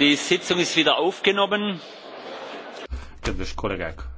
Die Sitzung ist wieder aufgenommen. Kedves kollégák,